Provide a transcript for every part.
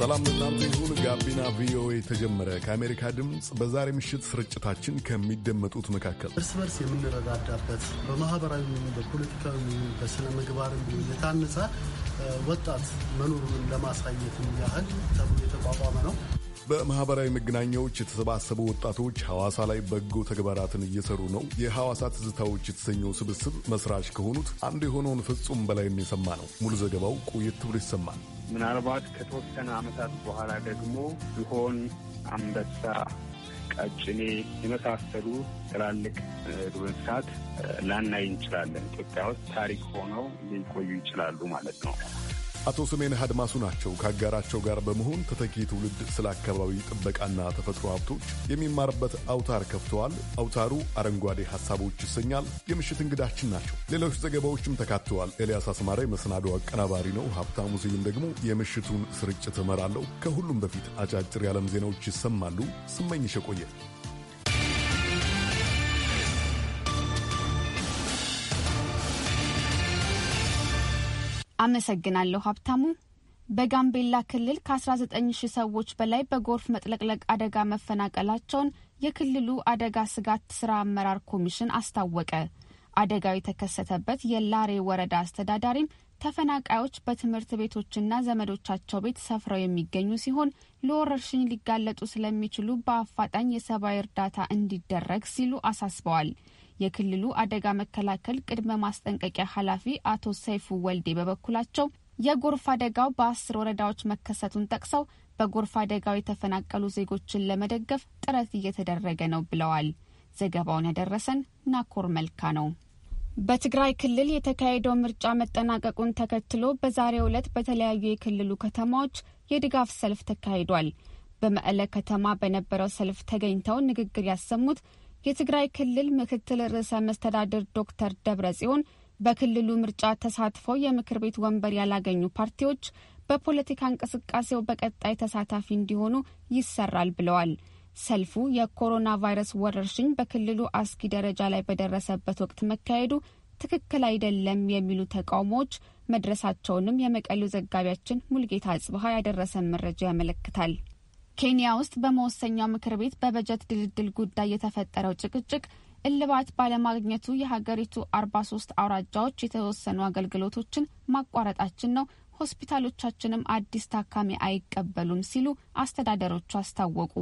ሰላም ለእናንተ ይሁን። ጋቢና ቪኦኤ ተጀመረ። ከአሜሪካ ድምፅ በዛሬ ምሽት ስርጭታችን ከሚደመጡት መካከል እርስ በርስ የምንረዳዳበት በማህበራዊ በፖለቲካዊ በስነ ምግባር የታነጸ ወጣት መኖሩን ለማሳየት ያህል ተብሎ የተቋቋመ ነው። በማህበራዊ መገናኛዎች የተሰባሰቡ ወጣቶች ሐዋሳ ላይ በጎ ተግባራትን እየሰሩ ነው። የሐዋሳ ትዝታዎች የተሰኘው ስብስብ መስራች ከሆኑት አንዱ የሆነውን ፍጹም በላይን የሰማ ነው። ሙሉ ዘገባው ቆየት ብሎ ይሰማል። ምናልባት ከተወሰነ ዓመታት በኋላ ደግሞ ዝሆን፣ አንበሳ፣ ቀጭኔ የመሳሰሉ ትላልቅ ዱር እንስሳት ላናይ እንችላለን። ኢትዮጵያ ውስጥ ታሪክ ሆነው ሊቆዩ ይችላሉ ማለት ነው። አቶ ስሜነህ አድማሱ ናቸው ከአጋራቸው ጋር በመሆን ተተኪ ትውልድ ስለ አካባቢ ጥበቃና ተፈጥሮ ሀብቶች የሚማርበት አውታር ከፍተዋል። አውታሩ አረንጓዴ ሀሳቦች ይሰኛል። የምሽት እንግዳችን ናቸው። ሌሎች ዘገባዎችም ተካተዋል። ኤልያስ አስማራ የመሰናዶ አቀናባሪ ነው። ሀብታሙ ስዩም ደግሞ የምሽቱን ስርጭት እመራለሁ። ከሁሉም በፊት አጫጭር የዓለም ዜናዎች ይሰማሉ። ስመኝሽ ቆየ አመሰግናለሁ ሀብታሙ። በጋምቤላ ክልል ከ19 ሰዎች በላይ በጎርፍ መጥለቅለቅ አደጋ መፈናቀላቸውን የክልሉ አደጋ ስጋት ስራ አመራር ኮሚሽን አስታወቀ። አደጋው የተከሰተበት የላሬ ወረዳ አስተዳዳሪም ተፈናቃዮች በትምህርት ቤቶችና ዘመዶቻቸው ቤት ሰፍረው የሚገኙ ሲሆን ለወረርሽኝ ሊጋለጡ ስለሚችሉ በአፋጣኝ የሰብአዊ እርዳታ እንዲደረግ ሲሉ አሳስበዋል። የክልሉ አደጋ መከላከል ቅድመ ማስጠንቀቂያ ኃላፊ አቶ ሰይፉ ወልዴ በበኩላቸው የጎርፍ አደጋው በአስር ወረዳዎች መከሰቱን ጠቅሰው በጎርፍ አደጋው የተፈናቀሉ ዜጎችን ለመደገፍ ጥረት እየተደረገ ነው ብለዋል። ዘገባውን ያደረሰን ናኮር መልካ ነው። በትግራይ ክልል የተካሄደው ምርጫ መጠናቀቁን ተከትሎ በዛሬው ዕለት በተለያዩ የክልሉ ከተማዎች የድጋፍ ሰልፍ ተካሂዷል። በመቀለ ከተማ በነበረው ሰልፍ ተገኝተው ንግግር ያሰሙት የትግራይ ክልል ምክትል ርዕሰ መስተዳድር ዶክተር ደብረ ጽዮን በክልሉ ምርጫ ተሳትፈው የምክር ቤት ወንበር ያላገኙ ፓርቲዎች በፖለቲካ እንቅስቃሴው በቀጣይ ተሳታፊ እንዲሆኑ ይሰራል ብለዋል። ሰልፉ የኮሮና ቫይረስ ወረርሽኝ በክልሉ አስጊ ደረጃ ላይ በደረሰበት ወቅት መካሄዱ ትክክል አይደለም የሚሉ ተቃውሞዎች መድረሳቸውንም የመቀሌው ዘጋቢያችን ሙልጌታ አጽብሃ ያደረሰን መረጃ ያመለክታል። ኬንያ ውስጥ በመወሰኛው ምክር ቤት በበጀት ድልድል ጉዳይ የተፈጠረው ጭቅጭቅ እልባት ባለማግኘቱ የሀገሪቱ አርባ ሶስት አውራጃዎች የተወሰኑ አገልግሎቶችን ማቋረጣችን ነው፣ ሆስፒታሎቻችንም አዲስ ታካሚ አይቀበሉም ሲሉ አስተዳደሮቹ አስታወቁ።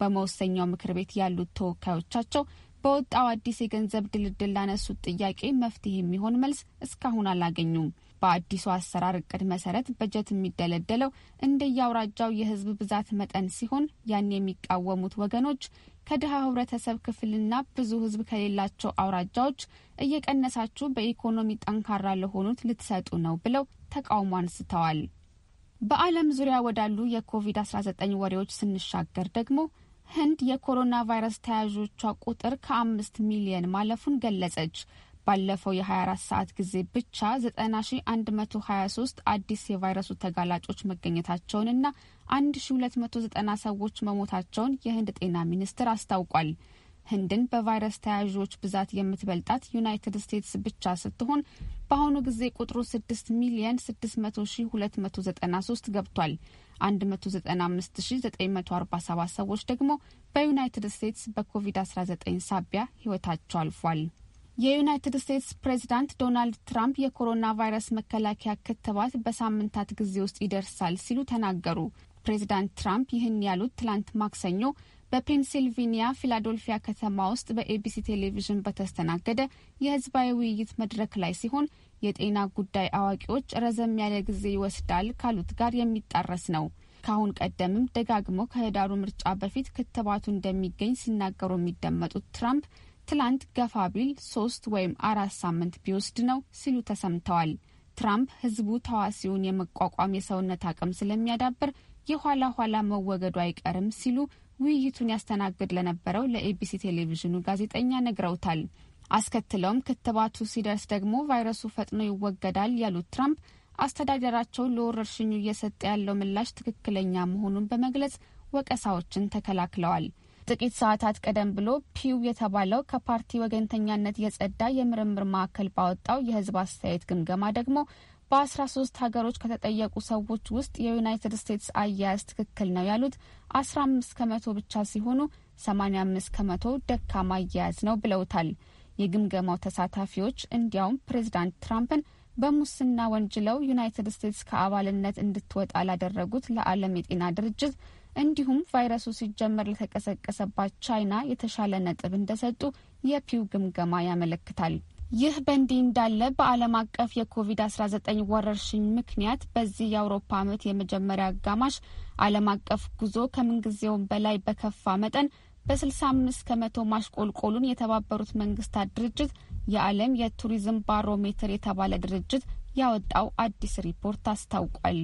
በመወሰኛው ምክር ቤት ያሉት ተወካዮቻቸው በወጣው አዲስ የገንዘብ ድልድል ላነሱት ጥያቄ መፍትሄ የሚሆን መልስ እስካሁን አላገኙም። በአዲሱ አሰራር እቅድ መሰረት በጀት የሚደለደለው እንደየአውራጃው የህዝብ ብዛት መጠን ሲሆን ያን የሚቃወሙት ወገኖች ከድሃ ህብረተሰብ ክፍልና ብዙ ህዝብ ከሌላቸው አውራጃዎች እየቀነሳችሁ በኢኮኖሚ ጠንካራ ለሆኑት ልትሰጡ ነው ብለው ተቃውሞ አንስተዋል። በዓለም ዙሪያ ወዳሉ የኮቪድ-19 ወሬዎች ስንሻገር ደግሞ ህንድ የኮሮና ቫይረስ ተያዦቿ ቁጥር ከአምስት ሚሊየን ማለፉን ገለጸች። ባለፈው የ24 ሰዓት ጊዜ ብቻ 9123 አዲስ የቫይረሱ ተጋላጮች መገኘታቸውንና 1290 ሰዎች መሞታቸውን የህንድ ጤና ሚኒስቴር አስታውቋል። ህንድን በቫይረስ ተያያዦች ብዛት የምትበልጣት ዩናይትድ ስቴትስ ብቻ ስትሆን በአሁኑ ጊዜ ቁጥሩ 6 ሚሊየን 6293 ገብቷል። 195947 ሰዎች ደግሞ በዩናይትድ ስቴትስ በኮቪድ-19 ሳቢያ ህይወታቸው አልፏል። የዩናይትድ ስቴትስ ፕሬዚዳንት ዶናልድ ትራምፕ የኮሮና ቫይረስ መከላከያ ክትባት በሳምንታት ጊዜ ውስጥ ይደርሳል ሲሉ ተናገሩ። ፕሬዚዳንት ትራምፕ ይህን ያሉት ትላንት ማክሰኞ በፔንሲልቬኒያ ፊላዶልፊያ ከተማ ውስጥ በኤቢሲ ቴሌቪዥን በተስተናገደ የህዝባዊ ውይይት መድረክ ላይ ሲሆን የጤና ጉዳይ አዋቂዎች ረዘም ያለ ጊዜ ይወስዳል ካሉት ጋር የሚጣረስ ነው። ከአሁን ቀደምም ደጋግሞ ከህዳሩ ምርጫ በፊት ክትባቱ እንደሚገኝ ሲናገሩ የሚደመጡት ትራምፕ ትላንት ገፋ ቢል ሶስት ወይም አራት ሳምንት ቢወስድ ነው ሲሉ ተሰምተዋል። ትራምፕ ህዝቡ ታዋሲውን የመቋቋም የሰውነት አቅም ስለሚያዳብር የኋላ ኋላ መወገዱ አይቀርም ሲሉ ውይይቱን ያስተናግድ ለነበረው ለኤቢሲ ቴሌቪዥኑ ጋዜጠኛ ነግረውታል። አስከትለውም ክትባቱ ሲደርስ ደግሞ ቫይረሱ ፈጥኖ ይወገዳል ያሉት ትራምፕ አስተዳደራቸው ለወረርሽኙ እየሰጠ ያለው ምላሽ ትክክለኛ መሆኑን በመግለጽ ወቀሳዎችን ተከላክለዋል። ጥቂት ሰዓታት ቀደም ብሎ ፒው የተባለው ከፓርቲ ወገንተኛነት የጸዳ የምርምር ማዕከል ባወጣው የህዝብ አስተያየት ግምገማ ደግሞ በአስራ ሶስት ሀገሮች ከተጠየቁ ሰዎች ውስጥ የዩናይትድ ስቴትስ አያያዝ ትክክል ነው ያሉት 15 ከመቶ ብቻ ሲሆኑ 85 ከመቶ ደካማ አያያዝ ነው ብለውታል። የግምገማው ተሳታፊዎች እንዲያውም ፕሬዚዳንት ትራምፕን በሙስና ወንጅለው ዩናይትድ ስቴትስ ከአባልነት እንድትወጣ ላደረጉት ለዓለም የጤና ድርጅት እንዲሁም ቫይረሱ ሲጀመር ለተቀሰቀሰባት ቻይና የተሻለ ነጥብ እንደሰጡ የፒው ግምገማ ያመለክታል። ይህ በእንዲህ እንዳለ በዓለም አቀፍ የኮቪድ-19 ወረርሽኝ ምክንያት በዚህ የአውሮፓ ዓመት የመጀመሪያ አጋማሽ ዓለም አቀፍ ጉዞ ከምንጊዜውም በላይ በከፋ መጠን በ65 ከመቶ ማሽቆልቆሉን የተባበሩት መንግስታት ድርጅት የዓለም የቱሪዝም ባሮሜትር የተባለ ድርጅት ያወጣው አዲስ ሪፖርት አስታውቋል።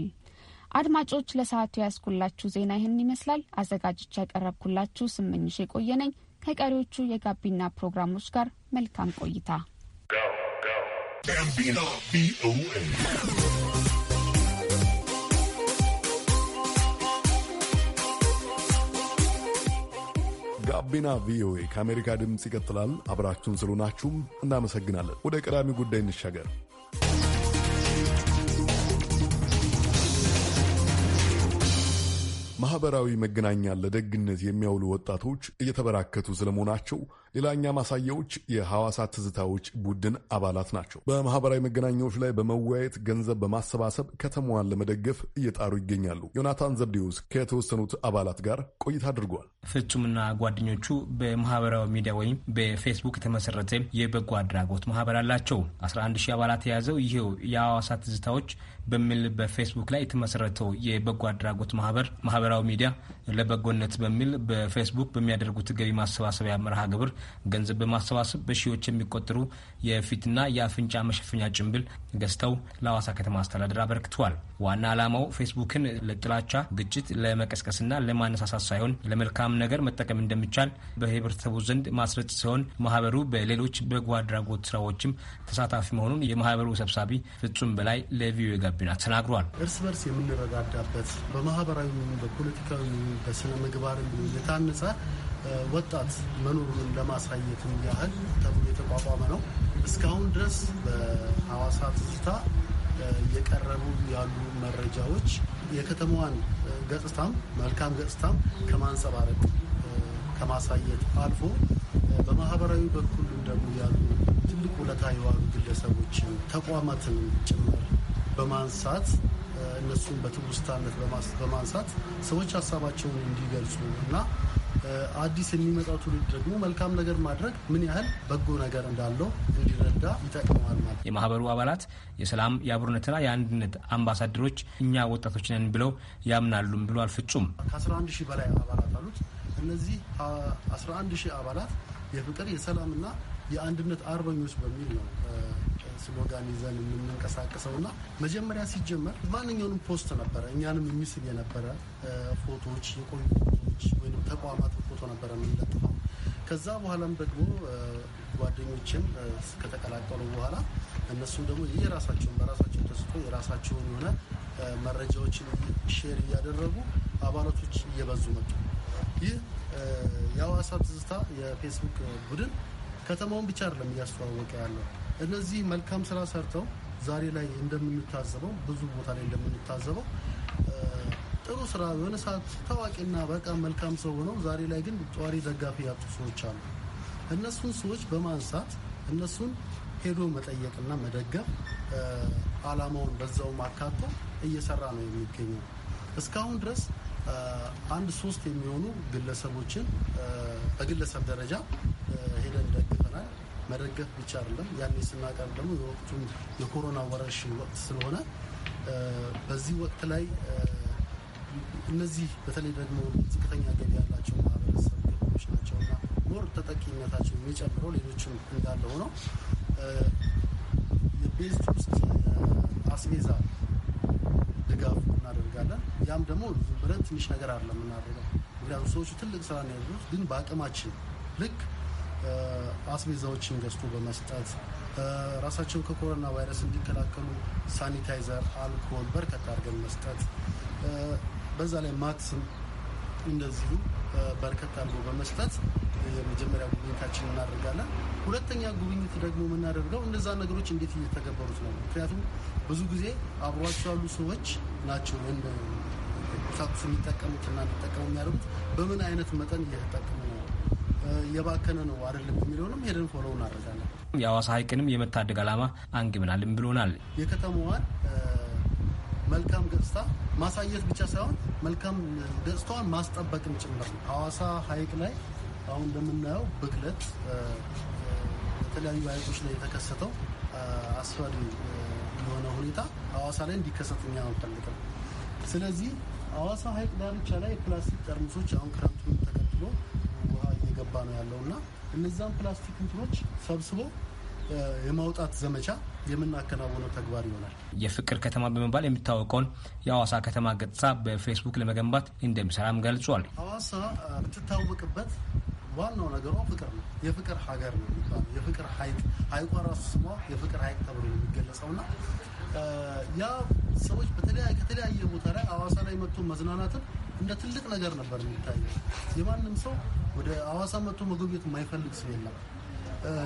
አድማጮች ለሰዓቱ ያስኩላችሁ ዜና ይህን ይመስላል። አዘጋጅቻ ያቀረብኩላችሁ ስምኝሽ የቆየነኝ ከቀሪዎቹ የጋቢና ፕሮግራሞች ጋር መልካም ቆይታ። ጋቢና ቪኦኤ ከአሜሪካ ድምፅ ይቀጥላል። አብራችሁን ስለሆናችሁም እናመሰግናለን። ወደ ቀዳሚ ጉዳይ እንሻገር። ማህበራዊ መገናኛን ለደግነት የሚያውሉ ወጣቶች እየተበራከቱ ስለመሆናቸው ሌላኛ ማሳያዎች የሐዋሳ ትዝታዎች ቡድን አባላት ናቸው። በማህበራዊ መገናኛዎች ላይ በመወያየት ገንዘብ በማሰባሰብ ከተማዋን ለመደገፍ እየጣሩ ይገኛሉ። ዮናታን ዘብዴዎስ ከተወሰኑት አባላት ጋር ቆይታ አድርጓል። ፍጹምና ጓደኞቹ በማህበራዊ ሚዲያ ወይም በፌስቡክ የተመሰረተ የበጎ አድራጎት ማህበር አላቸው። 11 ሺህ አባላት የያዘው ይሄው የሐዋሳ ትዝታዎች በሚል በፌስቡክ ላይ የተመሰረተው የበጎ አድራጎት ማህበር ማህበራዊ ሚዲያ ለበጎነት በሚል በፌስቡክ በሚያደርጉት ገቢ ማሰባሰቢያ መርሃ ግብር ገንዘብ በማሰባሰብ በሺዎች የሚቆጠሩ የፊትና የአፍንጫ መሸፈኛ ጭንብል ገዝተው ለአዋሳ ከተማ አስተዳደር አበርክተዋል። ዋና ዓላማው ፌስቡክን ለጥላቻ ግጭት ለመቀስቀስና ለማነሳሳት ሳይሆን ለመልካም ነገር መጠቀም እንደሚቻል በህብረተሰቡ ዘንድ ማስረጥ ሲሆን ማህበሩ በሌሎች በጎ አድራጎት ስራዎችም ተሳታፊ መሆኑን የማህበሩ ሰብሳቢ ፍጹም በላይ ለቪኦኤ ጋቢና ተናግሯል። እርስ በርስ የምንረዳዳበት በማህበራዊ በፖለቲካዊ በስነ ምግባር የታነጸ ወጣት መኖሩን ለማሳየትም ያህል ተብሎ የተቋቋመ ነው። እስካሁን ድረስ በሐዋሳ ትዝታ የቀረቡ ያሉ መረጃዎች የከተማዋን ገጽታም መልካም ገጽታም ከማንጸባረቅ ከማሳየት አልፎ በማህበራዊ በኩል ደግሞ ያሉ ትልቅ ውለታ የዋሉ ግለሰቦችን ተቋማትን ጭምር በማንሳት እነሱን በትውስታነት በማንሳት ሰዎች ሀሳባቸውን እንዲገልጹ እና አዲስ የሚመጣው ትውልድ ደግሞ መልካም ነገር ማድረግ ምን ያህል በጎ ነገር እንዳለው እንዲረዳ ይጠቅመዋል ማለት የማህበሩ አባላት የሰላም የአብሮነትና የአንድነት አምባሳደሮች እኛ ወጣቶች ነን ብለው ያምናሉም ብሏል ፍጹም። ከ11 ሺህ በላይ አባላት አሉት። እነዚህ 11 ሺህ አባላት የፍቅር የሰላምና የአንድነት አርበኞች በሚል ነው ስሎጋን ይዘን የምንንቀሳቀሰው እና መጀመሪያ ሲጀመር ማንኛውንም ፖስት ነበረ እኛንም የሚስል የነበረ ፎቶዎች የቆዩ ተቋማት ፎቶ ነበረ የምንለጥፈው። ከዛ በኋላም ደግሞ ጓደኞችን ከተቀላቀሉ በኋላ እነሱም ደግሞ የራሳቸውን በራሳቸው ተስጦ የራሳቸውን የሆነ መረጃዎችን ሼር እያደረጉ አባላቶች እየበዙ መጡ። ይህ የአዋሳ ትዝታ የፌስቡክ ቡድን ከተማውን ብቻ አይደለም እያስተዋወቀ ያለው። እነዚህ መልካም ስራ ሰርተው ዛሬ ላይ እንደምንታዘበው ብዙ ቦታ ላይ እንደምንታዘበው ጥሩ ስራ በሆነ ሰዓት ታዋቂና በጣም መልካም ሰው ሆነው ዛሬ ላይ ግን ጧሪ ደጋፊ ያጡ ሰዎች አሉ። እነሱን ሰዎች በማንሳት እነሱን ሄዶ መጠየቅና መደገፍ አላማውን በዛውም አካቶ እየሰራ ነው የሚገኘው። እስካሁን ድረስ አንድ ሶስት የሚሆኑ ግለሰቦችን በግለሰብ ደረጃ ሄደን ደግፈናል። መደገፍ ብቻ አይደለም። ያኔ ስናቀርብ ደግሞ የወቅቱን የኮሮና ወረርሽኝ ወቅት ስለሆነ በዚህ ወቅት ላይ እነዚህ በተለይ ደግሞ ዝቅተኛ ገቢ ያላቸው ማህበረሰብ ክፍሎች ናቸውና ሞር ተጠቂነታቸው የሚጨምረው ሌሎችም እንዳለ ሆነው ቤዝድ ውስጥ አስቤዛ ድጋፍ እናደርጋለን። ያም ደግሞ ዝም ብለን ትንሽ ነገር አለ የምናደርገው። ምክንያቱም ሰዎቹ ትልቅ ስራ ነው ያሉት፣ ግን በአቅማችን ልክ አስቤዛዎችን ገዝቶ በመስጠት ራሳቸው ከኮሮና ቫይረስ እንዲከላከሉ ሳኒታይዘር፣ አልኮል በርከት አድርገን መስጠት በዛ ላይ ማትስም እንደዚሁ በርከት አድርጎ በመስጠት የመጀመሪያ ጉብኝታችን እናደርጋለን። ሁለተኛ ጉብኝት ደግሞ የምናደርገው እነዛ ነገሮች እንዴት እየተገበሩት ነው። ምክንያቱም ብዙ ጊዜ አብሯቸው ያሉ ሰዎች ናቸው ቁሳቁስ የሚጠቀሙትና እንዲጠቀሙ የሚያደርጉት በምን አይነት መጠን እየተጠቀሙ ነው የባከነ ነው አይደለም የሚለውንም ሄደን ፎሎ እናደርጋለን። የአዋሳ ሀይቅንም የመታደግ ዓላማ አንግብናልም ብሎናል። የከተማዋን መልካም ገጽታ ማሳየት ብቻ ሳይሆን መልካም ገጽታዋን ማስጠበቅም ጭምር ነው። ሐዋሳ ሐይቅ ላይ አሁን እንደምናየው ብክለት የተለያዩ ሐይቆች ላይ የተከሰተው አስፈሪ የሆነ ሁኔታ ሐዋሳ ላይ እንዲከሰት እኛ አንፈልግም። ስለዚህ ሐዋሳ ሐይቅ ዳርቻ ላይ የፕላስቲክ ጠርሙሶች አሁን ክረምቱን ተከትሎ ውሃ እየገባ ነው ያለው እና እነዛን ፕላስቲክ እንትኖች ሰብስቦ የማውጣት ዘመቻ የምናከናውነው ተግባር ይሆናል። የፍቅር ከተማ በመባል የሚታወቀውን የአዋሳ ከተማ ገጽታ በፌስቡክ ለመገንባት እንደሚሰራም ገልጿል። አዋሳ የምትታወቅበት ዋናው ነገሯ ፍቅር ነው። የፍቅር ሀገር ነው የሚባለው የፍቅር ሀይቅ ሀይቋ ራሱ ስሟ የፍቅር ሀይቅ ተብሎ ነው የሚገለጸው እና ያ ሰዎች ከተለያየ ቦታ ላይ አዋሳ ላይ መጥቶ መዝናናትን እንደ ትልቅ ነገር ነበር የሚታየው። የማንም ሰው ወደ አዋሳ መጥቶ መጎብኘት የማይፈልግ ሰው የለም።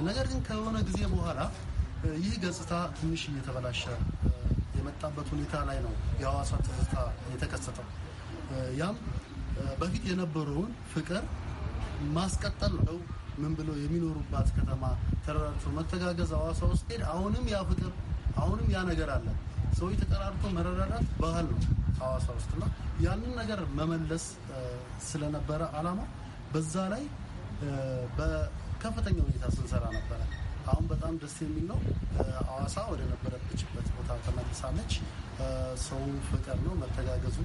ነገር ግን ከሆነ ጊዜ በኋላ ይህ ገጽታ ትንሽ እየተበላሸ የመጣበት ሁኔታ ላይ ነው የሐዋሳ ትዝታ የተከሰተው። ያም በፊት የነበረውን ፍቅር ማስቀጠል ነው። ምን ብሎ የሚኖሩባት ከተማ ተረራርቶ መተጋገዝ ሐዋሳ ውስጥ ሄድ አሁንም ያ ፍቅር አሁንም ያ ነገር አለ። ሰዎች ተቀራርቶ መረዳዳት ባህል ነው ሐዋሳ ውስጥና ያንን ነገር መመለስ ስለነበረ አላማ በዛ ላይ ከፍተኛ ሁኔታ ስንሰራ ነበረ። አሁን በጣም ደስ የሚል ነው። አዋሳ ወደ ነበረችበት ቦታ ተመልሳለች። ሰው ፍቅር ነው መተጋገዙ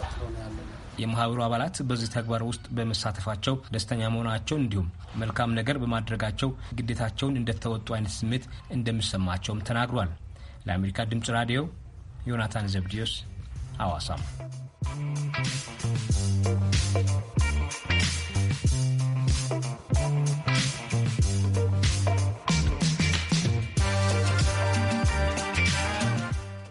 ቀጥሎ ነው ያለ። የማህበሩ አባላት በዚህ ተግባር ውስጥ በመሳተፋቸው ደስተኛ መሆናቸውን እንዲሁም መልካም ነገር በማድረጋቸው ግዴታቸውን እንደተወጡ አይነት ስሜት እንደሚሰማቸውም ተናግሯል። ለአሜሪካ ድምጽ ራዲዮ ዮናታን ዘብዲዮስ አዋሳም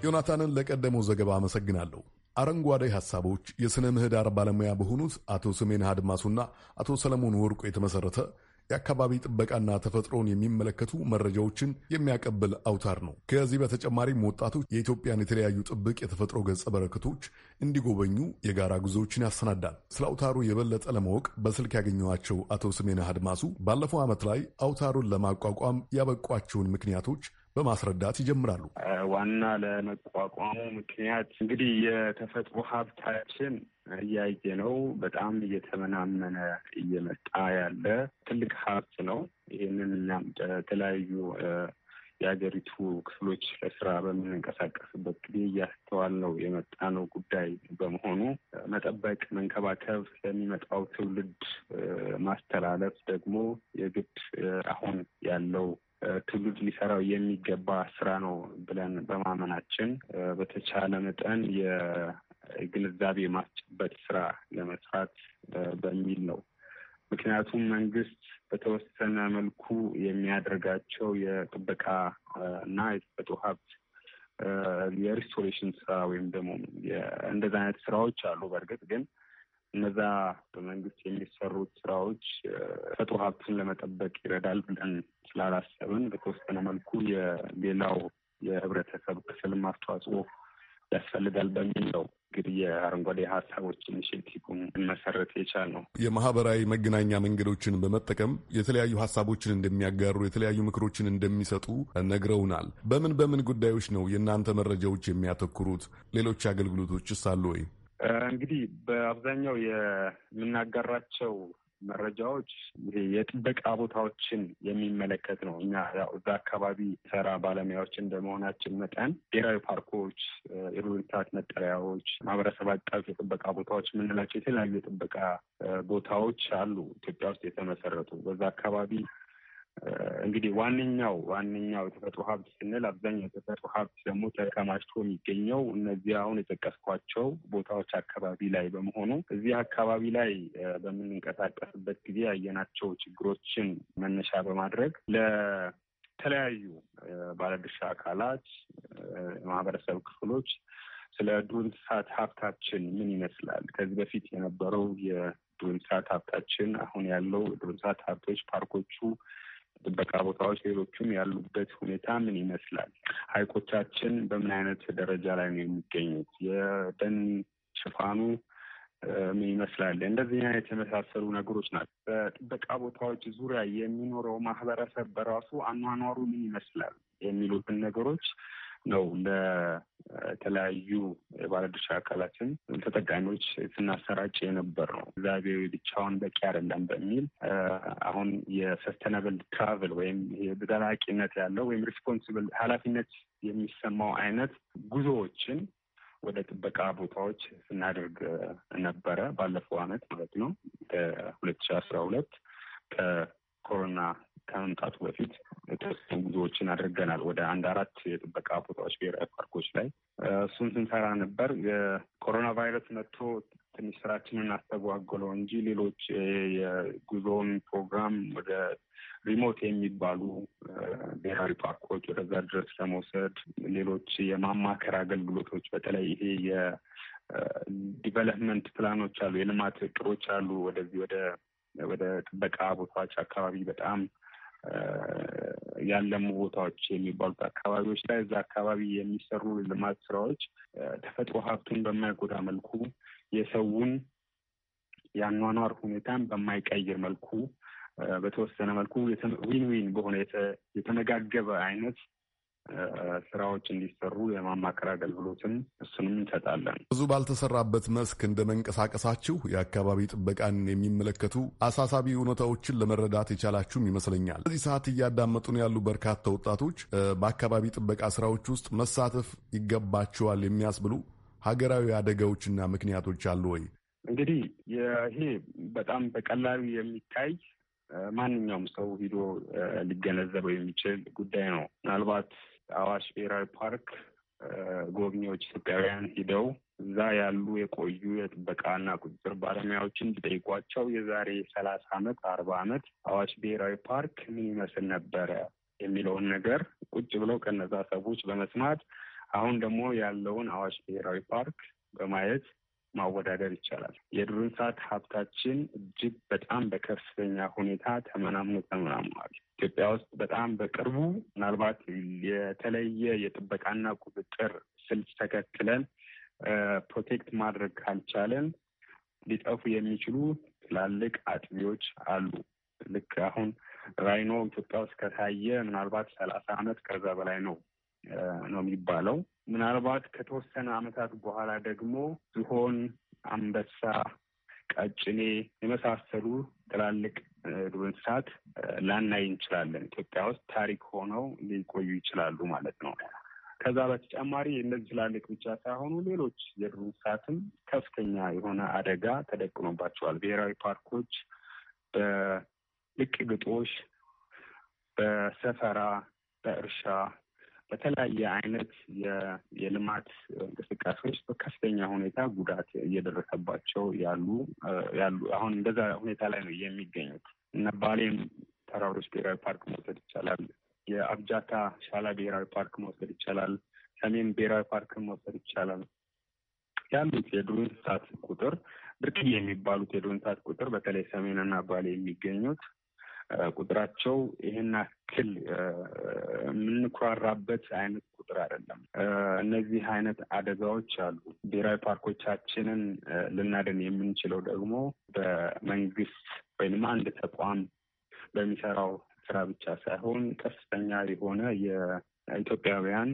ዮናታንን ለቀደመው ዘገባ አመሰግናለሁ። አረንጓዴ ሐሳቦች የሥነ ምህዳር ባለሙያ በሆኑት አቶ ስሜን አድማሱና አቶ ሰለሞን ወርቁ የተመሠረተ የአካባቢ ጥበቃና ተፈጥሮን የሚመለከቱ መረጃዎችን የሚያቀብል አውታር ነው። ከዚህ በተጨማሪም ወጣቶች የኢትዮጵያን የተለያዩ ጥብቅ የተፈጥሮ ገጸ በረከቶች እንዲጎበኙ የጋራ ጉዞዎችን ያሰናዳል። ስለ አውታሩ የበለጠ ለማወቅ በስልክ ያገኘኋቸው አቶ ስሜነህ አድማሱ ባለፈው ዓመት ላይ አውታሩን ለማቋቋም ያበቋቸውን ምክንያቶች በማስረዳት ይጀምራሉ። ዋና ለመቋቋሙ ምክንያት እንግዲህ የተፈጥሮ ሀብታችን እያየ ነው። በጣም እየተመናመነ እየመጣ ያለ ትልቅ ሀብት ነው። ይህንን የተለያዩ የሀገሪቱ ክፍሎች ለስራ በምንንቀሳቀስበት ጊዜ እያስተዋል ነው ነው ጉዳይ በመሆኑ መጠበቅ፣ መንከባከብ፣ ለሚመጣው ትውልድ ማስተላለፍ ደግሞ የግድ አሁን ያለው ትውልድ ሊሰራው የሚገባ ስራ ነው ብለን በማመናችን በተቻለ መጠን የግንዛቤ ማስጨበጥ ስራ ለመስራት በሚል ነው። ምክንያቱም መንግስት በተወሰነ መልኩ የሚያደርጋቸው የጥበቃ እና የተፈጥሮ ሀብት የሪስቶሬሽን ስራ ወይም ደግሞ እንደዚ አይነት ስራዎች አሉ። በእርግጥ ግን እነዛ በመንግስት የሚሰሩት ስራዎች ተፈጥሮ ሀብትን ለመጠበቅ ይረዳል ብለን ስላላሰብን በተወሰነ መልኩ የሌላው የህብረተሰብ ክፍልም አስተዋጽኦ ያስፈልጋል በሚል ነው እንግዲህ የአረንጓዴ ሀሳቦች ኢኒሽቲቭን መሰረት የቻል ነው። የማህበራዊ መገናኛ መንገዶችን በመጠቀም የተለያዩ ሀሳቦችን እንደሚያጋሩ፣ የተለያዩ ምክሮችን እንደሚሰጡ ነግረውናል። በምን በምን ጉዳዮች ነው የእናንተ መረጃዎች የሚያተኩሩት? ሌሎች አገልግሎቶችስ አሉ ወይ? እንግዲህ በአብዛኛው የምናጋራቸው መረጃዎች የጥበቃ ቦታዎችን የሚመለከት ነው። እኛ ያው እዛ አካባቢ ሰራ ባለሙያዎች እንደመሆናችን መጠን ብሔራዊ ፓርኮች፣ የዱር እንስሳት መጠለያዎች፣ ማህበረሰብ አቀፍ የጥበቃ ቦታዎች የምንላቸው የተለያዩ የጥበቃ ቦታዎች አሉ ኢትዮጵያ ውስጥ የተመሰረቱ በዛ አካባቢ እንግዲህ ዋነኛው ዋነኛው የተፈጥሮ ሀብት ስንል አብዛኛው የተፈጥሮ ሀብት ደግሞ ተከማችቶ የሚገኘው እነዚህ አሁን የጠቀስኳቸው ቦታዎች አካባቢ ላይ በመሆኑ እዚህ አካባቢ ላይ በምንንቀሳቀስበት ጊዜ ያየናቸው ችግሮችን መነሻ በማድረግ ለተለያዩ ባለድርሻ አካላት፣ ማህበረሰብ ክፍሎች ስለ ዱር እንስሳት ሀብታችን ምን ይመስላል ከዚህ በፊት የነበረው የዱር እንስሳት ሀብታችን አሁን ያለው የዱር እንስሳት ሀብቶች ፓርኮቹ ጥበቃ ቦታዎች፣ ሌሎቹም ያሉበት ሁኔታ ምን ይመስላል? ሀይቆቻችን በምን አይነት ደረጃ ላይ ነው የሚገኙት? የደን ሽፋኑ ምን ይመስላል? እንደዚህ አይነት የመሳሰሉ ነገሮች ናቸው። በጥበቃ ቦታዎች ዙሪያ የሚኖረው ማህበረሰብ በራሱ አኗኗሩ ምን ይመስላል የሚሉትን ነገሮች ነው ለተለያዩ የባለድርሻ አካላትን ተጠቃሚዎች ስናሰራጭ የነበር ነው። ዛቤ ብቻውን በቂ አይደለም በሚል አሁን የሰስተናብል ትራቭል ወይም ዘላቂነት ያለው ወይም ሪስፖንስብል ኃላፊነት የሚሰማው አይነት ጉዞዎችን ወደ ጥበቃ ቦታዎች ስናደርግ ነበረ። ባለፈው አመት ማለት ነው ከሁለት ሺ አስራ ሁለት ኮሮና ከመምጣቱ በፊት የተወሰኑ ጉዞዎችን አድርገናል ወደ አንድ አራት የጥበቃ ቦታዎች ብሔራዊ ፓርኮች ላይ እሱን ስንሰራ ነበር። የኮሮና ቫይረስ መጥቶ ትንሽ ስራችንን አስተጓጎለው እንጂ ሌሎች የጉዞውን ፕሮግራም ወደ ሪሞት የሚባሉ ብሔራዊ ፓርኮች ወደዛ ድረስ ለመውሰድ ሌሎች የማማከር አገልግሎቶች በተለይ ይሄ የዲቨሎፕመንት ፕላኖች አሉ፣ የልማት እቅዶች አሉ ወደዚህ ወደ ወደ ጥበቃ ቦታዎች አካባቢ በጣም ያለሙ ቦታዎች የሚባሉት አካባቢዎች ላይ እዛ አካባቢ የሚሰሩ ልማት ስራዎች ተፈጥሮ ሀብቱን በማይጎዳ መልኩ የሰውን የአኗኗር ሁኔታን በማይቀይር መልኩ በተወሰነ መልኩ ዊን ዊን በሆነ የተመጋገበ አይነት ስራዎች እንዲሰሩ የማማከር አገልግሎትን እሱንም እንሰጣለን። ብዙ ባልተሰራበት መስክ እንደ መንቀሳቀሳችሁ የአካባቢ ጥበቃን የሚመለከቱ አሳሳቢ እውነታዎችን ለመረዳት የቻላችሁም ይመስለኛል። በዚህ ሰዓት እያዳመጡን ያሉ በርካታ ወጣቶች በአካባቢ ጥበቃ ስራዎች ውስጥ መሳተፍ ይገባቸዋል የሚያስብሉ ሀገራዊ አደጋዎችና ምክንያቶች አሉ ወይ? እንግዲህ ይሄ በጣም በቀላሉ የሚታይ ማንኛውም ሰው ሂዶ ሊገነዘበው የሚችል ጉዳይ ነው። ምናልባት አዋሽ ብሔራዊ ፓርክ ጎብኚዎች ኢትዮጵያውያን ሂደው እዛ ያሉ የቆዩ የጥበቃና ቁጥጥር ባለሙያዎችን ቢጠይቋቸው የዛሬ ሰላሳ አመት አርባ አመት አዋሽ ብሔራዊ ፓርክ ምን ይመስል ነበረ የሚለውን ነገር ቁጭ ብለው ከነዛ ሰዎች በመስማት አሁን ደግሞ ያለውን አዋሽ ብሔራዊ ፓርክ በማየት ማወዳደር ይቻላል። የዱር እንስሳት ሀብታችን እጅግ በጣም በከፍተኛ ሁኔታ ተመናምኖ ተመናምኗል። ኢትዮጵያ ውስጥ በጣም በቅርቡ ምናልባት የተለየ የጥበቃና ቁጥጥር ስልት ተከትለን ፕሮቴክት ማድረግ ካልቻለን ሊጠፉ የሚችሉ ትላልቅ አጥቢዎች አሉ። ልክ አሁን ራይኖ ኢትዮጵያ ውስጥ ከታየ ምናልባት ሰላሳ ዓመት ከዛ በላይ ነው ነው የሚባለው። ምናልባት ከተወሰነ ዓመታት በኋላ ደግሞ ዝሆን፣ አንበሳ፣ ቀጭኔ የመሳሰሉ ትላልቅ ዱር እንስሳት ላናይ እንችላለን። ኢትዮጵያ ውስጥ ታሪክ ሆነው ሊቆዩ ይችላሉ ማለት ነው። ከዛ በተጨማሪ እነዚህ ትላልቅ ብቻ ሳይሆኑ ሌሎች የዱር እንስሳትም ከፍተኛ የሆነ አደጋ ተደቅኖባቸዋል። ብሔራዊ ፓርኮች በልቅ ግጦሽ፣ በሰፈራ፣ በእርሻ በተለያየ አይነት የልማት እንቅስቃሴዎች በከፍተኛ ሁኔታ ጉዳት እየደረሰባቸው ያሉ ያሉ አሁን እንደዛ ሁኔታ ላይ ነው የሚገኙት እና ባሌም ተራሮች ብሔራዊ ፓርክ መውሰድ ይቻላል። የአብጃታ ሻላ ብሔራዊ ፓርክ መውሰድ ይቻላል። ሰሜን ብሔራዊ ፓርክ መውሰድ ይቻላል። ያሉት የዱር እንስሳት ቁጥር ብርቅዬ የሚባሉት የዱር እንስሳት ቁጥር በተለይ ሰሜንና ባሌ የሚገኙት ቁጥራቸው ይህን አክል የምንኮራራበት አይነት ቁጥር አይደለም። እነዚህ አይነት አደጋዎች አሉ። ብሔራዊ ፓርኮቻችንን ልናደን የምንችለው ደግሞ በመንግስት ወይም አንድ ተቋም በሚሰራው ስራ ብቻ ሳይሆን ከፍተኛ የሆነ የኢትዮጵያውያን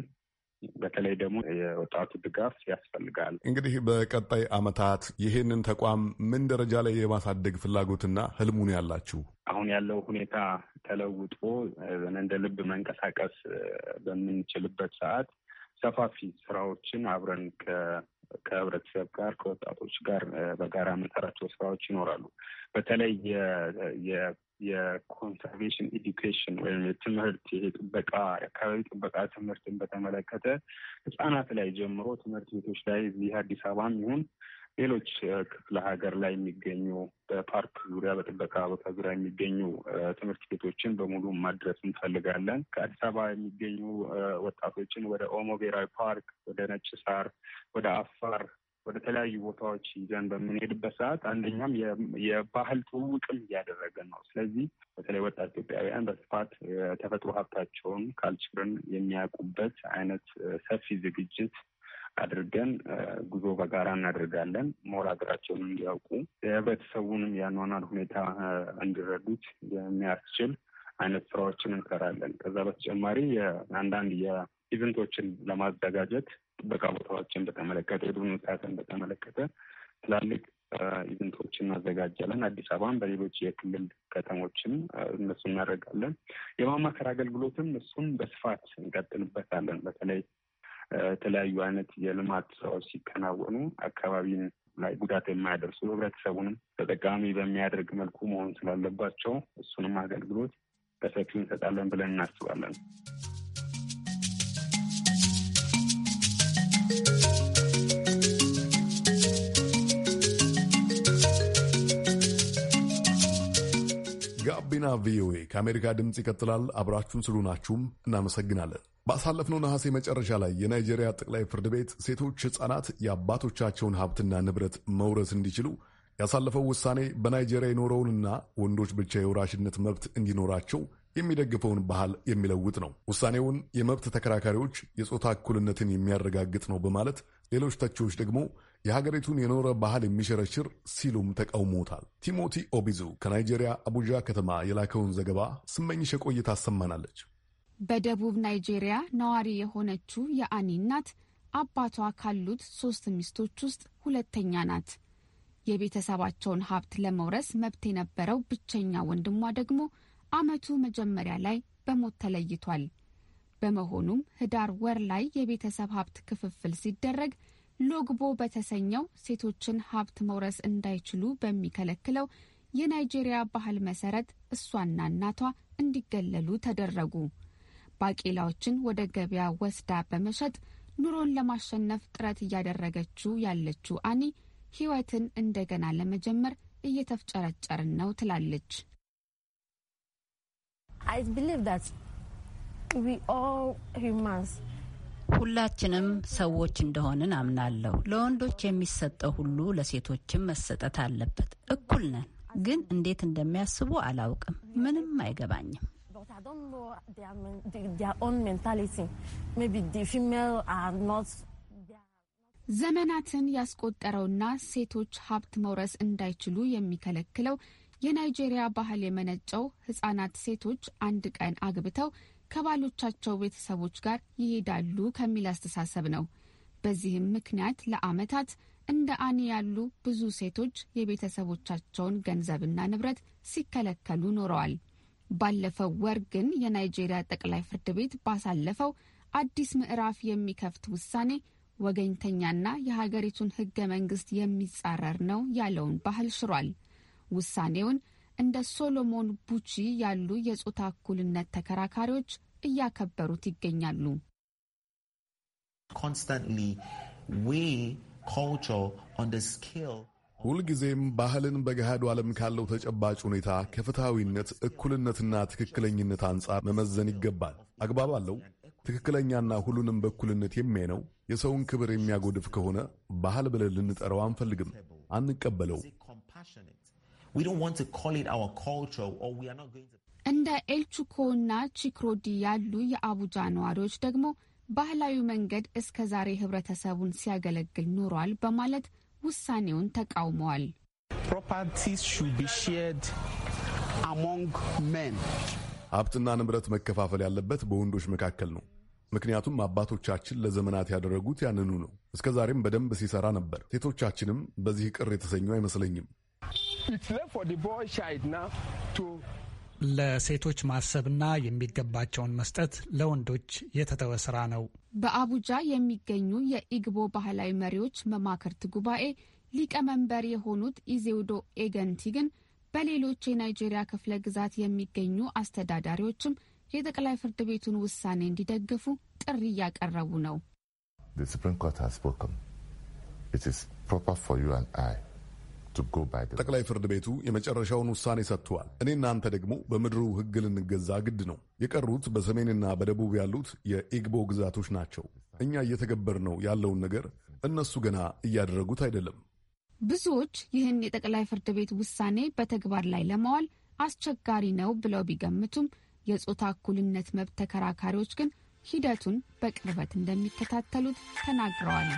በተለይ ደግሞ የወጣቱ ድጋፍ ያስፈልጋል። እንግዲህ በቀጣይ ዓመታት ይህንን ተቋም ምን ደረጃ ላይ የማሳደግ ፍላጎትና ህልሙን ያላችሁ? አሁን ያለው ሁኔታ ተለውጦ እንደ ልብ መንቀሳቀስ በምንችልበት ሰዓት ሰፋፊ ስራዎችን አብረን ከህብረተሰብ ጋር ከወጣቶች ጋር በጋራ የምንሰራቸው ስራዎች ይኖራሉ። በተለይ የኮንሰርቬሽን ኤዱኬሽን ወይም የትምህርት ይሄ ጥበቃ የአካባቢ ጥበቃ ትምህርትን በተመለከተ ህጻናት ላይ ጀምሮ ትምህርት ቤቶች ላይ እዚህ አዲስ አበባም ይሁን ሌሎች ክፍለ ሀገር ላይ የሚገኙ በፓርክ ዙሪያ በጥበቃ ቦታ ዙሪያ የሚገኙ ትምህርት ቤቶችን በሙሉ ማድረስ እንፈልጋለን። ከአዲስ አበባ የሚገኙ ወጣቶችን ወደ ኦሞ ብሔራዊ ፓርክ፣ ወደ ነጭ ሳር፣ ወደ አፋር ወደ ተለያዩ ቦታዎች ይዘን በምንሄድበት ሰዓት አንደኛም የባህል ትውውቅም እያደረገን ነው። ስለዚህ በተለይ ወጣት ኢትዮጵያውያን በስፋት የተፈጥሮ ሀብታቸውን ካልቸርን የሚያውቁበት አይነት ሰፊ ዝግጅት አድርገን ጉዞ በጋራ እናደርጋለን። ሞር ሀገራቸውን እንዲያውቁ የህብረተሰቡንም የአኗኗር ሁኔታ እንዲረዱት የሚያስችል አይነት ስራዎችን እንሰራለን። ከዛ በተጨማሪ አንዳንድ የኢቨንቶችን ለማዘጋጀት ጥበቃ ቦታዎችን በተመለከተ የዱር እንስሳትን በተመለከተ ትላልቅ ኢቨንቶችን እናዘጋጃለን። አዲስ አበባን በሌሎች የክልል ከተሞችም እነሱ እናደርጋለን። የማማከር አገልግሎትም እሱም በስፋት እንቀጥልበታለን። በተለይ የተለያዩ አይነት የልማት ስራዎች ሲከናወኑ አካባቢን ላይ ጉዳት የማያደርሱ ህብረተሰቡንም ተጠቃሚ በሚያደርግ መልኩ መሆን ስላለባቸው እሱንም አገልግሎት በሰፊው እንሰጣለን ብለን እናስባለን። ጋቢና ቪኦኤ ከአሜሪካ ድምፅ ይቀጥላል። አብራችሁን ስሉናችሁም እናመሰግናለን። ባሳለፍነው ነሐሴ መጨረሻ ላይ የናይጄሪያ ጠቅላይ ፍርድ ቤት ሴቶች ሕፃናት የአባቶቻቸውን ሀብትና ንብረት መውረስ እንዲችሉ ያሳለፈው ውሳኔ በናይጄሪያ የኖረውንና ወንዶች ብቻ የወራሽነት መብት እንዲኖራቸው የሚደግፈውን ባህል የሚለውጥ ነው። ውሳኔውን የመብት ተከራካሪዎች የጾታ እኩልነትን የሚያረጋግጥ ነው በማለት ሌሎች ተቺዎች ደግሞ የሀገሪቱን የኖረ ባህል የሚሸረሽር ሲሉም ተቃውሞታል። ቲሞቲ ኦቢዙ ከናይጄሪያ አቡጃ ከተማ የላከውን ዘገባ ስመኝሽ ቆይታ አሰማናለች። በደቡብ ናይጄሪያ ነዋሪ የሆነችው የአኒ እናት አባቷ ካሉት ሶስት ሚስቶች ውስጥ ሁለተኛ ናት። የቤተሰባቸውን ሀብት ለመውረስ መብት የነበረው ብቸኛ ወንድሟ ደግሞ ዓመቱ መጀመሪያ ላይ በሞት ተለይቷል። በመሆኑም ህዳር ወር ላይ የቤተሰብ ሀብት ክፍፍል ሲደረግ ሎግቦ በተሰኘው ሴቶችን ሀብት መውረስ እንዳይችሉ በሚከለክለው የናይጄሪያ ባህል መሰረት እሷና እናቷ እንዲገለሉ ተደረጉ። ባቄላዎችን ወደ ገበያ ወስዳ በመሸጥ ኑሮን ለማሸነፍ ጥረት እያደረገችው ያለችው አኒ ህይወትን እንደገና ለመጀመር እየተፍጨረጨርን ነው ትላለች። I believe that we all humans ሁላችንም ሰዎች እንደሆንን አምናለሁ። ለወንዶች የሚሰጠው ሁሉ ለሴቶችም መሰጠት አለበት። እኩል ነን፣ ግን እንዴት እንደሚያስቡ አላውቅም። ምንም አይገባኝም። ዘመናትን ያስቆጠረውና ሴቶች ሀብት መውረስ እንዳይችሉ የሚከለክለው የናይጄሪያ ባህል የመነጨው ህጻናት ሴቶች አንድ ቀን አግብተው ከባሎቻቸው ቤተሰቦች ጋር ይሄዳሉ ከሚል አስተሳሰብ ነው። በዚህም ምክንያት ለዓመታት እንደ አኒ ያሉ ብዙ ሴቶች የቤተሰቦቻቸውን ገንዘብና ንብረት ሲከለከሉ ኖረዋል። ባለፈው ወር ግን የናይጄሪያ ጠቅላይ ፍርድ ቤት ባሳለፈው አዲስ ምዕራፍ የሚከፍት ውሳኔ ወገኝተኛና የሀገሪቱን ህገ መንግስት የሚጻረር ነው ያለውን ባህል ሽሯል። ውሳኔውን እንደ ሶሎሞን ቡቺ ያሉ የጾታ እኩልነት ተከራካሪዎች እያከበሩት ይገኛሉ። ሁልጊዜም ባህልን በገሃዱ ዓለም ካለው ተጨባጭ ሁኔታ ከፍትሐዊነት እኩልነትና ትክክለኝነት አንጻር መመዘን ይገባል። አግባብ አለው። ትክክለኛና ሁሉንም በእኩልነት የሚያይ ነው። የሰውን ክብር የሚያጎድፍ ከሆነ ባህል ብለን ልንጠራው አንፈልግም፣ አንቀበለው እንደ እና ቺክሮዲ ያሉ የአቡጃ ነዋሪዎች ደግሞ ባህላዊ መንገድ እስከ ዛሬ ህብረተሰቡን ሲያገለግል ኑሯል በማለት ውሳኔውን ተቃውመዋል። ሀብትና ንብረት መከፋፈል ያለበት በወንዶች መካከል ነው። ምክንያቱም አባቶቻችን ለዘመናት ያደረጉት ያንኑ ነው። እስከ ዛሬም በደንብ ሲሰራ ነበር። ሴቶቻችንም በዚህ ቅር የተሰኙ አይመስለኝም። ለሴቶች ማሰብና የሚገባቸውን መስጠት ለወንዶች የተተወ ስራ ነው። በአቡጃ የሚገኙ የኢግቦ ባህላዊ መሪዎች መማክርት ጉባኤ ሊቀመንበር የሆኑት ኢዜውዶ ኤገንቲ ግን በሌሎች የናይጄሪያ ክፍለ ግዛት የሚገኙ አስተዳዳሪዎችም የጠቅላይ ፍርድ ቤቱን ውሳኔ እንዲደግፉ ጥሪ እያቀረቡ ነው። The Supreme Court ጠቅላይ ፍርድ ቤቱ የመጨረሻውን ውሳኔ ሰጥቷል እኔ እናንተ ደግሞ በምድሩ ሕግ ልንገዛ ግድ ነው። የቀሩት በሰሜንና በደቡብ ያሉት የኢግቦ ግዛቶች ናቸው። እኛ እየተገበር ነው ያለውን ነገር እነሱ ገና እያደረጉት አይደለም። ብዙዎች ይህን የጠቅላይ ፍርድ ቤት ውሳኔ በተግባር ላይ ለማዋል አስቸጋሪ ነው ብለው ቢገምቱም የጾታ እኩልነት መብት ተከራካሪዎች ግን ሂደቱን በቅርበት እንደሚከታተሉት ተናግረዋል።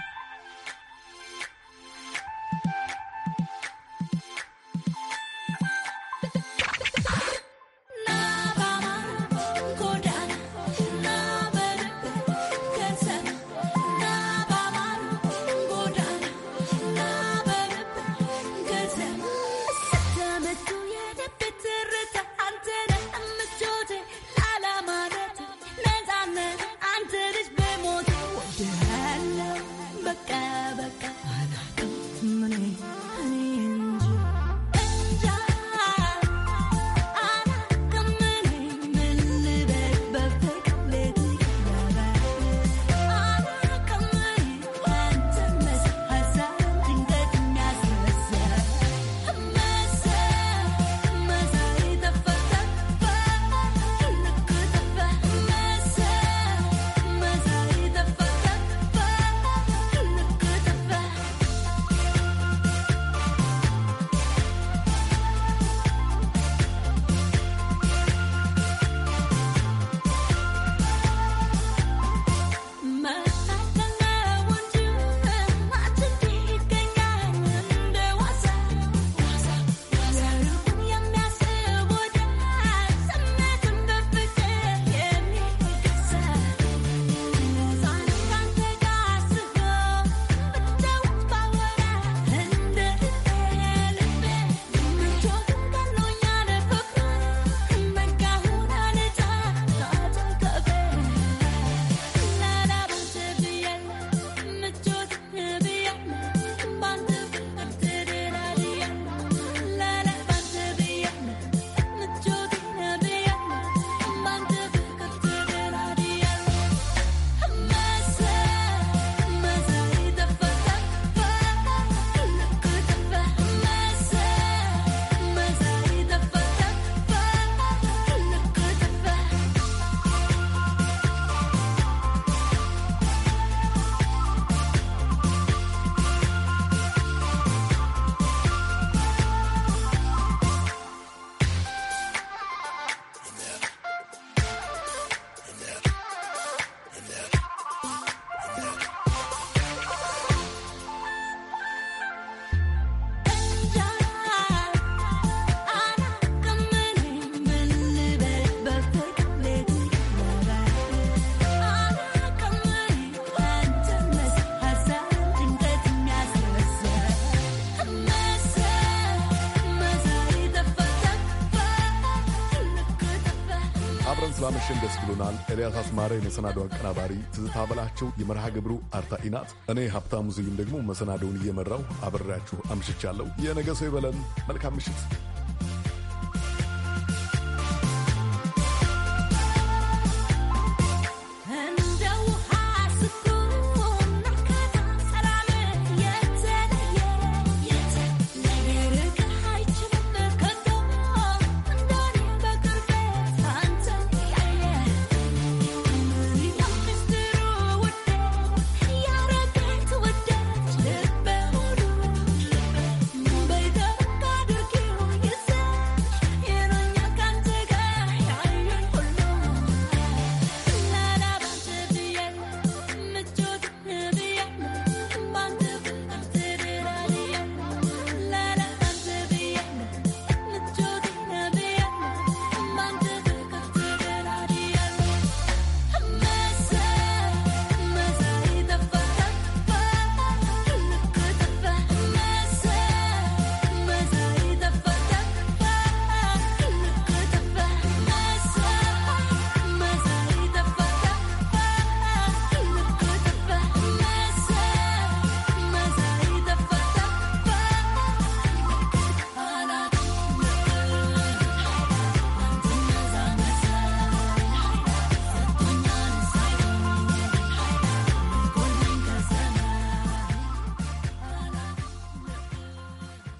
ስላመሸን ደስ ብሎናል። ኤልያስ አስማረ የመሰናዶ አቀናባሪ፣ ትዝታ በላቸው የመርሃ ግብሩ አርታኢ ናት። እኔ ሀብታሙ ስዩም ደግሞ መሰናዶውን እየመራው አብሬያችሁ አምሽቻለሁ። የነገ ሰው ይበለን። መልካም ምሽት።